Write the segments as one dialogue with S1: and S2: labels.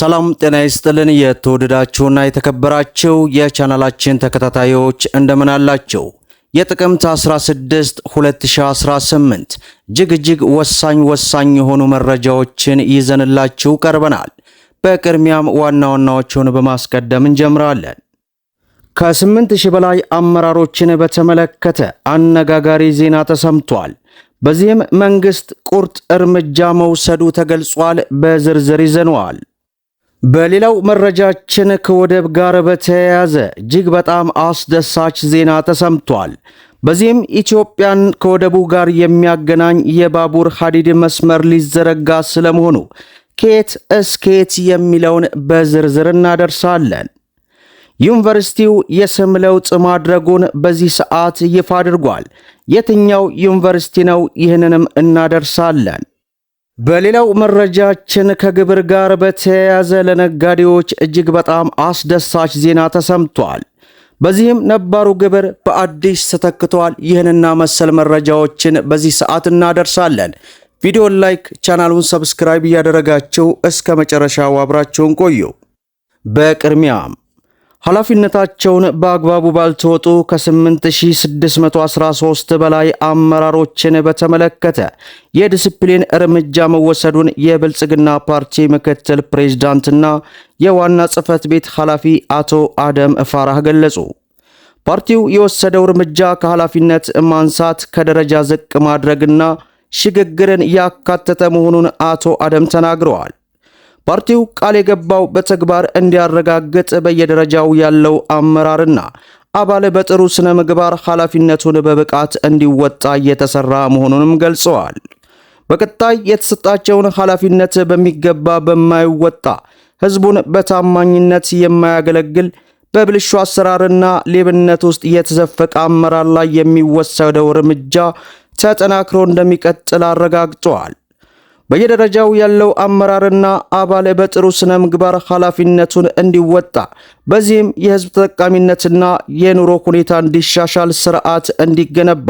S1: ሰላም ጤና ይስጥልን። የተወደዳችሁና የተከበራችሁ የቻናላችን ተከታታዮች እንደምን አላችሁ? የጥቅምት 16 2018 እጅግ እጅግ ወሳኝ ወሳኝ የሆኑ መረጃዎችን ይዘንላችሁ ቀርበናል። በቅድሚያም ዋና ዋናዎቹን በማስቀደም እንጀምራለን። ከስምንት ሺህ በላይ አመራሮችን በተመለከተ አነጋጋሪ ዜና ተሰምቷል። በዚህም መንግሥት ቁርጥ እርምጃ መውሰዱ ተገልጿል። በዝርዝር ይዘነዋል። በሌላው መረጃችን ከወደብ ጋር በተያያዘ እጅግ በጣም አስደሳች ዜና ተሰምቷል። በዚህም ኢትዮጵያን ከወደቡ ጋር የሚያገናኝ የባቡር ሐዲድ መስመር ሊዘረጋ ስለመሆኑ ከየት እስከየት የሚለውን በዝርዝር እናደርሳለን። ዩኒቨርሲቲው የስም ለውጥ ማድረጉን በዚህ ሰዓት ይፋ አድርጓል። የትኛው ዩኒቨርሲቲ ነው? ይህንንም እናደርሳለን። በሌላው መረጃችን ከግብር ጋር በተያያዘ ለነጋዴዎች እጅግ በጣም አስደሳች ዜና ተሰምቷል። በዚህም ነባሩ ግብር በአዲስ ተተክቷል። ይህንና መሰል መረጃዎችን በዚህ ሰዓት እናደርሳለን። ቪዲዮን ላይክ፣ ቻናሉን ሰብስክራይብ እያደረጋችሁ እስከ መጨረሻው አብራችሁን ቆዩ። በቅድሚያም ኃላፊነታቸውን በአግባቡ ባልተወጡ ከ8613 በላይ አመራሮችን በተመለከተ የዲስፕሊን እርምጃ መወሰዱን የብልጽግና ፓርቲ ምክትል ፕሬዝዳንትና የዋና ጽሕፈት ቤት ኃላፊ አቶ አደም ፋራህ ገለጹ። ፓርቲው የወሰደው እርምጃ ከኃላፊነት ማንሳት፣ ከደረጃ ዝቅ ማድረግና ሽግግርን ያካተተ መሆኑን አቶ አደም ተናግረዋል። ፓርቲው ቃል የገባው በተግባር እንዲያረጋግጥ በየደረጃው ያለው አመራርና አባል በጥሩ ስነ ምግባር ኃላፊነቱን በብቃት እንዲወጣ እየተሰራ መሆኑንም ገልጸዋል። በቀጣይ የተሰጣቸውን ኃላፊነት በሚገባ በማይወጣ ህዝቡን በታማኝነት የማያገለግል በብልሹ አሰራርና ሌብነት ውስጥ የተዘፈቀ አመራር ላይ የሚወሰደው እርምጃ ተጠናክሮ እንደሚቀጥል አረጋግጠዋል። በየደረጃው ያለው አመራርና አባል በጥሩ ስነ ምግባር ኃላፊነቱን እንዲወጣ በዚህም የህዝብ ተጠቃሚነትና የኑሮ ሁኔታ እንዲሻሻል ስርዓት እንዲገነባ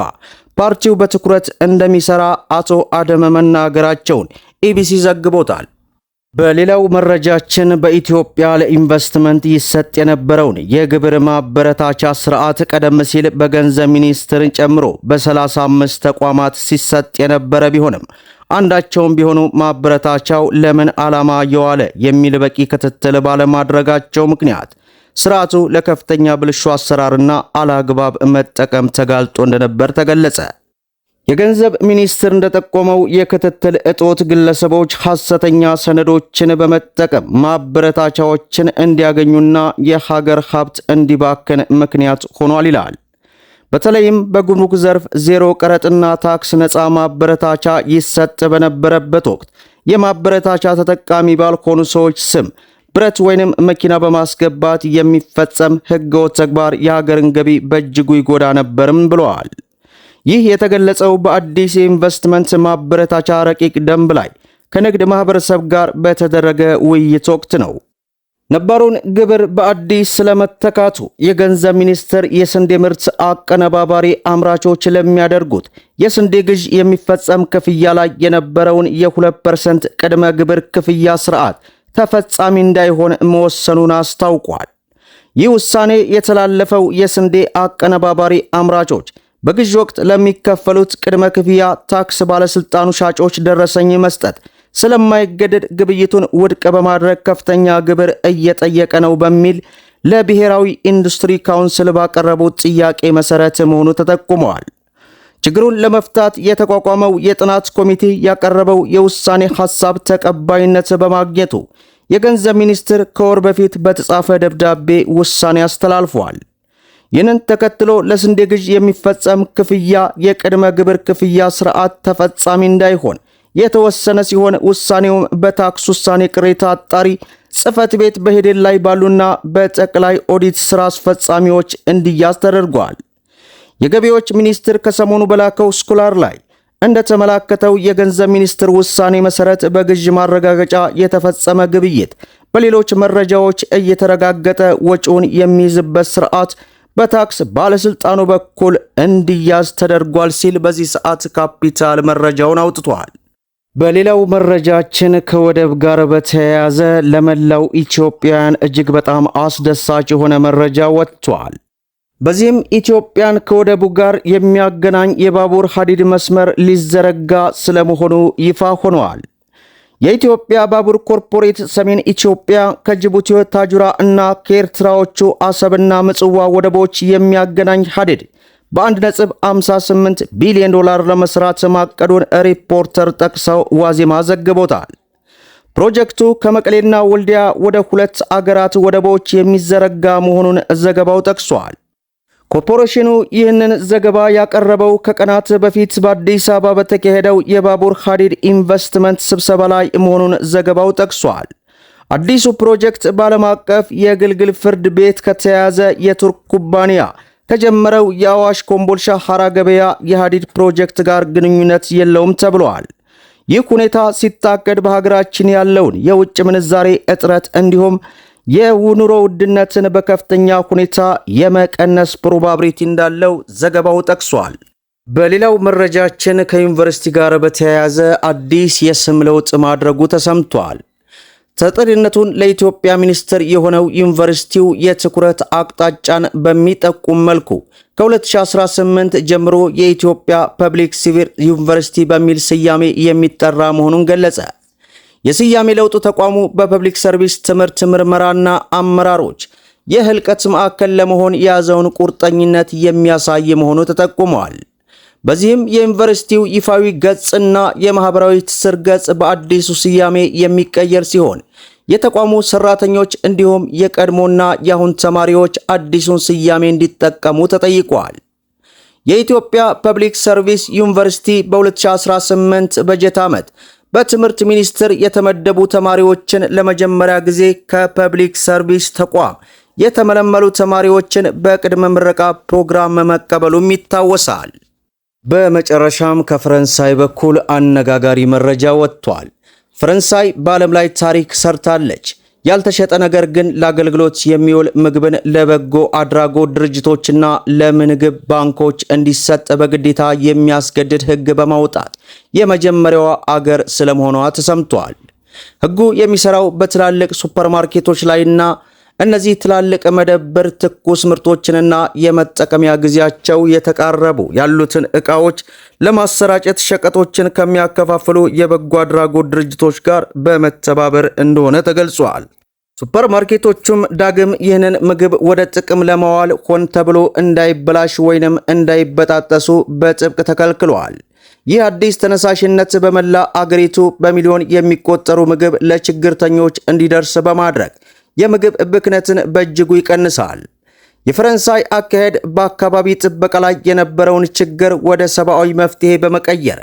S1: ፓርቲው በትኩረት እንደሚሰራ አቶ አደመ መናገራቸውን ኢቢሲ ዘግቦታል። በሌላው መረጃችን በኢትዮጵያ ለኢንቨስትመንት ይሰጥ የነበረውን የግብር ማበረታቻ ስርዓት ቀደም ሲል በገንዘብ ሚኒስትርን ጨምሮ በ35 ተቋማት ሲሰጥ የነበረ ቢሆንም አንዳቸውም ቢሆኑ ማበረታቻው ለምን ዓላማ የዋለ የሚል በቂ ክትትል ባለማድረጋቸው ምክንያት ስርዓቱ ለከፍተኛ ብልሹ አሰራርና አላግባብ መጠቀም ተጋልጦ እንደነበር ተገለጸ። የገንዘብ ሚኒስትር እንደጠቆመው የክትትል እጦት ግለሰቦች ሐሰተኛ ሰነዶችን በመጠቀም ማበረታቻዎችን እንዲያገኙና የሀገር ሀብት እንዲባክን ምክንያት ሆኗል ይላል። በተለይም በጉምሩክ ዘርፍ ዜሮ ቀረጥና ታክስ ነፃ ማበረታቻ ይሰጥ በነበረበት ወቅት የማበረታቻ ተጠቃሚ ባልሆኑ ሰዎች ስም ብረት ወይንም መኪና በማስገባት የሚፈጸም ህገወጥ ተግባር የሀገርን ገቢ በእጅጉ ይጎዳ ነበርም ብለዋል። ይህ የተገለጸው በአዲስ የኢንቨስትመንት ማበረታቻ ረቂቅ ደንብ ላይ ከንግድ ማህበረሰብ ጋር በተደረገ ውይይት ወቅት ነው። ነባሩን ግብር በአዲስ ስለመተካቱ የገንዘብ ሚኒስቴር የስንዴ ምርት አቀነባባሪ አምራቾች ለሚያደርጉት የስንዴ ግዥ የሚፈጸም ክፍያ ላይ የነበረውን የ2 ፐርሰንት ቅድመ ግብር ክፍያ ስርዓት ተፈጻሚ እንዳይሆን መወሰኑን አስታውቋል። ይህ ውሳኔ የተላለፈው የስንዴ አቀነባባሪ አምራቾች በግዥ ወቅት ለሚከፈሉት ቅድመ ክፍያ ታክስ ባለሥልጣኑ ሻጮች ደረሰኝ መስጠት ስለማይገደድ ግብይቱን ውድቅ በማድረግ ከፍተኛ ግብር እየጠየቀ ነው በሚል ለብሔራዊ ኢንዱስትሪ ካውንስል ባቀረቡት ጥያቄ መሰረት መሆኑ ተጠቁመዋል። ችግሩን ለመፍታት የተቋቋመው የጥናት ኮሚቴ ያቀረበው የውሳኔ ሐሳብ ተቀባይነት በማግኘቱ የገንዘብ ሚኒስትር ከወር በፊት በተጻፈ ደብዳቤ ውሳኔ አስተላልፏል። ይህንን ተከትሎ ለስንዴ ግዥ የሚፈጸም ክፍያ የቅድመ ግብር ክፍያ ሥርዓት ተፈጻሚ እንዳይሆን የተወሰነ ሲሆን ውሳኔውም በታክስ ውሳኔ ቅሬታ አጣሪ ጽህፈት ቤት በሂደት ላይ ባሉና በጠቅላይ ኦዲት ስራ አስፈጻሚዎች እንዲያዝ ተደርጓል። የገቢዎች ሚኒስትር ከሰሞኑ በላከው ስኩላር ላይ እንደተመላከተው የገንዘብ ሚኒስትር ውሳኔ መሰረት በግዥ ማረጋገጫ የተፈጸመ ግብይት በሌሎች መረጃዎች እየተረጋገጠ ወጪውን የሚይዝበት ስርዓት በታክስ ባለስልጣኑ በኩል እንዲያዝ ተደርጓል ሲል በዚህ ሰዓት ካፒታል መረጃውን አውጥቷል። በሌላው መረጃችን ከወደብ ጋር በተያያዘ ለመላው ኢትዮጵያውያን እጅግ በጣም አስደሳች የሆነ መረጃ ወጥቷል። በዚህም ኢትዮጵያን ከወደቡ ጋር የሚያገናኝ የባቡር ሐዲድ መስመር ሊዘረጋ ስለመሆኑ ይፋ ሆኗል። የኢትዮጵያ ባቡር ኮርፖሬት ሰሜን ኢትዮጵያ ከጅቡቲ ታጁራ እና ከኤርትራዎቹ አሰብና ምጽዋ ወደቦች የሚያገናኝ ሐዲድ በ1.58 ቢሊዮን ዶላር ለመስራት ማቀዱን ሪፖርተር ጠቅሰው ዋዜማ ዘግቦታል። ፕሮጀክቱ ከመቀሌና ወልዲያ ወደ ሁለት አገራት ወደቦች የሚዘረጋ መሆኑን ዘገባው ጠቅሷል። ኮርፖሬሽኑ ይህንን ዘገባ ያቀረበው ከቀናት በፊት በአዲስ አበባ በተካሄደው የባቡር ሐዲድ ኢንቨስትመንት ስብሰባ ላይ መሆኑን ዘገባው ጠቅሷል። አዲሱ ፕሮጀክት በዓለም አቀፍ የግልግል ፍርድ ቤት ከተያዘ የቱርክ ኩባንያ ከጀመረው የአዋሽ ኮምቦልሻ ሐራ ገበያ የሐዲድ ፕሮጀክት ጋር ግንኙነት የለውም ተብሏል። ይህ ሁኔታ ሲታቀድ በሀገራችን ያለውን የውጭ ምንዛሬ እጥረት እንዲሁም የኑሮ ውድነትን በከፍተኛ ሁኔታ የመቀነስ ፕሮባብሪቲ እንዳለው ዘገባው ጠቅሷል። በሌላው መረጃችን ከዩኒቨርሲቲ ጋር በተያያዘ አዲስ የስም ለውጥ ማድረጉ ተሰምቷል። ተጠሪነቱን ለኢትዮጵያ ሚኒስትር የሆነው ዩኒቨርሲቲው የትኩረት አቅጣጫን በሚጠቁም መልኩ ከ2018 ጀምሮ የኢትዮጵያ ፐብሊክ ሲቪል ዩኒቨርሲቲ በሚል ስያሜ የሚጠራ መሆኑን ገለጸ። የስያሜ ለውጡ ተቋሙ በፐብሊክ ሰርቪስ ትምህርት ምርመራና አመራሮች የህልቀት ማዕከል ለመሆን የያዘውን ቁርጠኝነት የሚያሳይ መሆኑ ተጠቁመዋል። በዚህም የዩኒቨርሲቲው ይፋዊ ገጽና የማህበራዊ ትስስር ገጽ በአዲሱ ስያሜ የሚቀየር ሲሆን የተቋሙ ሰራተኞች እንዲሁም የቀድሞና የአሁን ተማሪዎች አዲሱን ስያሜ እንዲጠቀሙ ተጠይቋል። የኢትዮጵያ ፐብሊክ ሰርቪስ ዩኒቨርሲቲ በ2018 በጀት ዓመት በትምህርት ሚኒስቴር የተመደቡ ተማሪዎችን ለመጀመሪያ ጊዜ ከፐብሊክ ሰርቪስ ተቋም የተመለመሉ ተማሪዎችን በቅድመ ምረቃ ፕሮግራም መቀበሉም ይታወሳል። በመጨረሻም ከፈረንሳይ በኩል አነጋጋሪ መረጃ ወጥቷል። ፈረንሳይ በዓለም ላይ ታሪክ ሰርታለች። ያልተሸጠ ነገር ግን ለአገልግሎት የሚውል ምግብን ለበጎ አድራጎት ድርጅቶችና ለምግብ ባንኮች እንዲሰጥ በግዴታ የሚያስገድድ ሕግ በማውጣት የመጀመሪያዋ አገር ስለመሆኗ ተሰምቷል። ሕጉ የሚሰራው በትላልቅ ሱፐርማርኬቶች ላይና እነዚህ ትላልቅ መደብር ትኩስ ምርቶችንና የመጠቀሚያ ጊዜያቸው የተቃረቡ ያሉትን ዕቃዎች ለማሰራጨት ሸቀጦችን ከሚያከፋፍሉ የበጎ አድራጎት ድርጅቶች ጋር በመተባበር እንደሆነ ተገልጿል። ሱፐርማርኬቶቹም ዳግም ይህንን ምግብ ወደ ጥቅም ለማዋል ሆን ተብሎ እንዳይበላሽ ወይንም እንዳይበጣጠሱ በጥብቅ ተከልክሏል። ይህ አዲስ ተነሳሽነት በመላ አገሪቱ በሚሊዮን የሚቆጠሩ ምግብ ለችግርተኞች እንዲደርስ በማድረግ የምግብ ብክነትን በእጅጉ ይቀንሳል። የፈረንሳይ አካሄድ በአካባቢ ጥበቃ ላይ የነበረውን ችግር ወደ ሰብአዊ መፍትሄ በመቀየር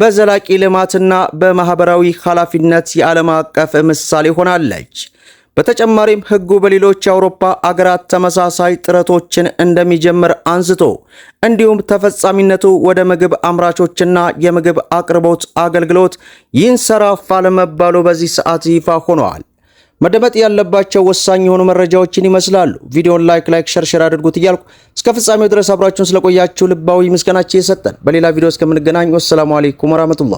S1: በዘላቂ ልማትና በማህበራዊ ኃላፊነት የዓለም አቀፍ ምሳሌ ሆናለች። በተጨማሪም ሕጉ በሌሎች የአውሮፓ አገራት ተመሳሳይ ጥረቶችን እንደሚጀምር አንስቶ እንዲሁም ተፈጻሚነቱ ወደ ምግብ አምራቾችና የምግብ አቅርቦት አገልግሎት ይንሰራፋል መባሉ በዚህ ሰዓት ይፋ ሆኗል። መደመጥ ያለባቸው ወሳኝ የሆኑ መረጃዎችን ይመስላሉ። ቪዲዮን ላይክ ላይክ ሸር አድርጉት እያልኩ እስከ ፍጻሜው ድረስ አብራችሁን ስለቆያችሁ ልባዊ ምስጋናችን የሰጠን። በሌላ ቪዲዮ እስከምንገናኝ ወሰላሙ አሌይኩም ወራህመቱላህ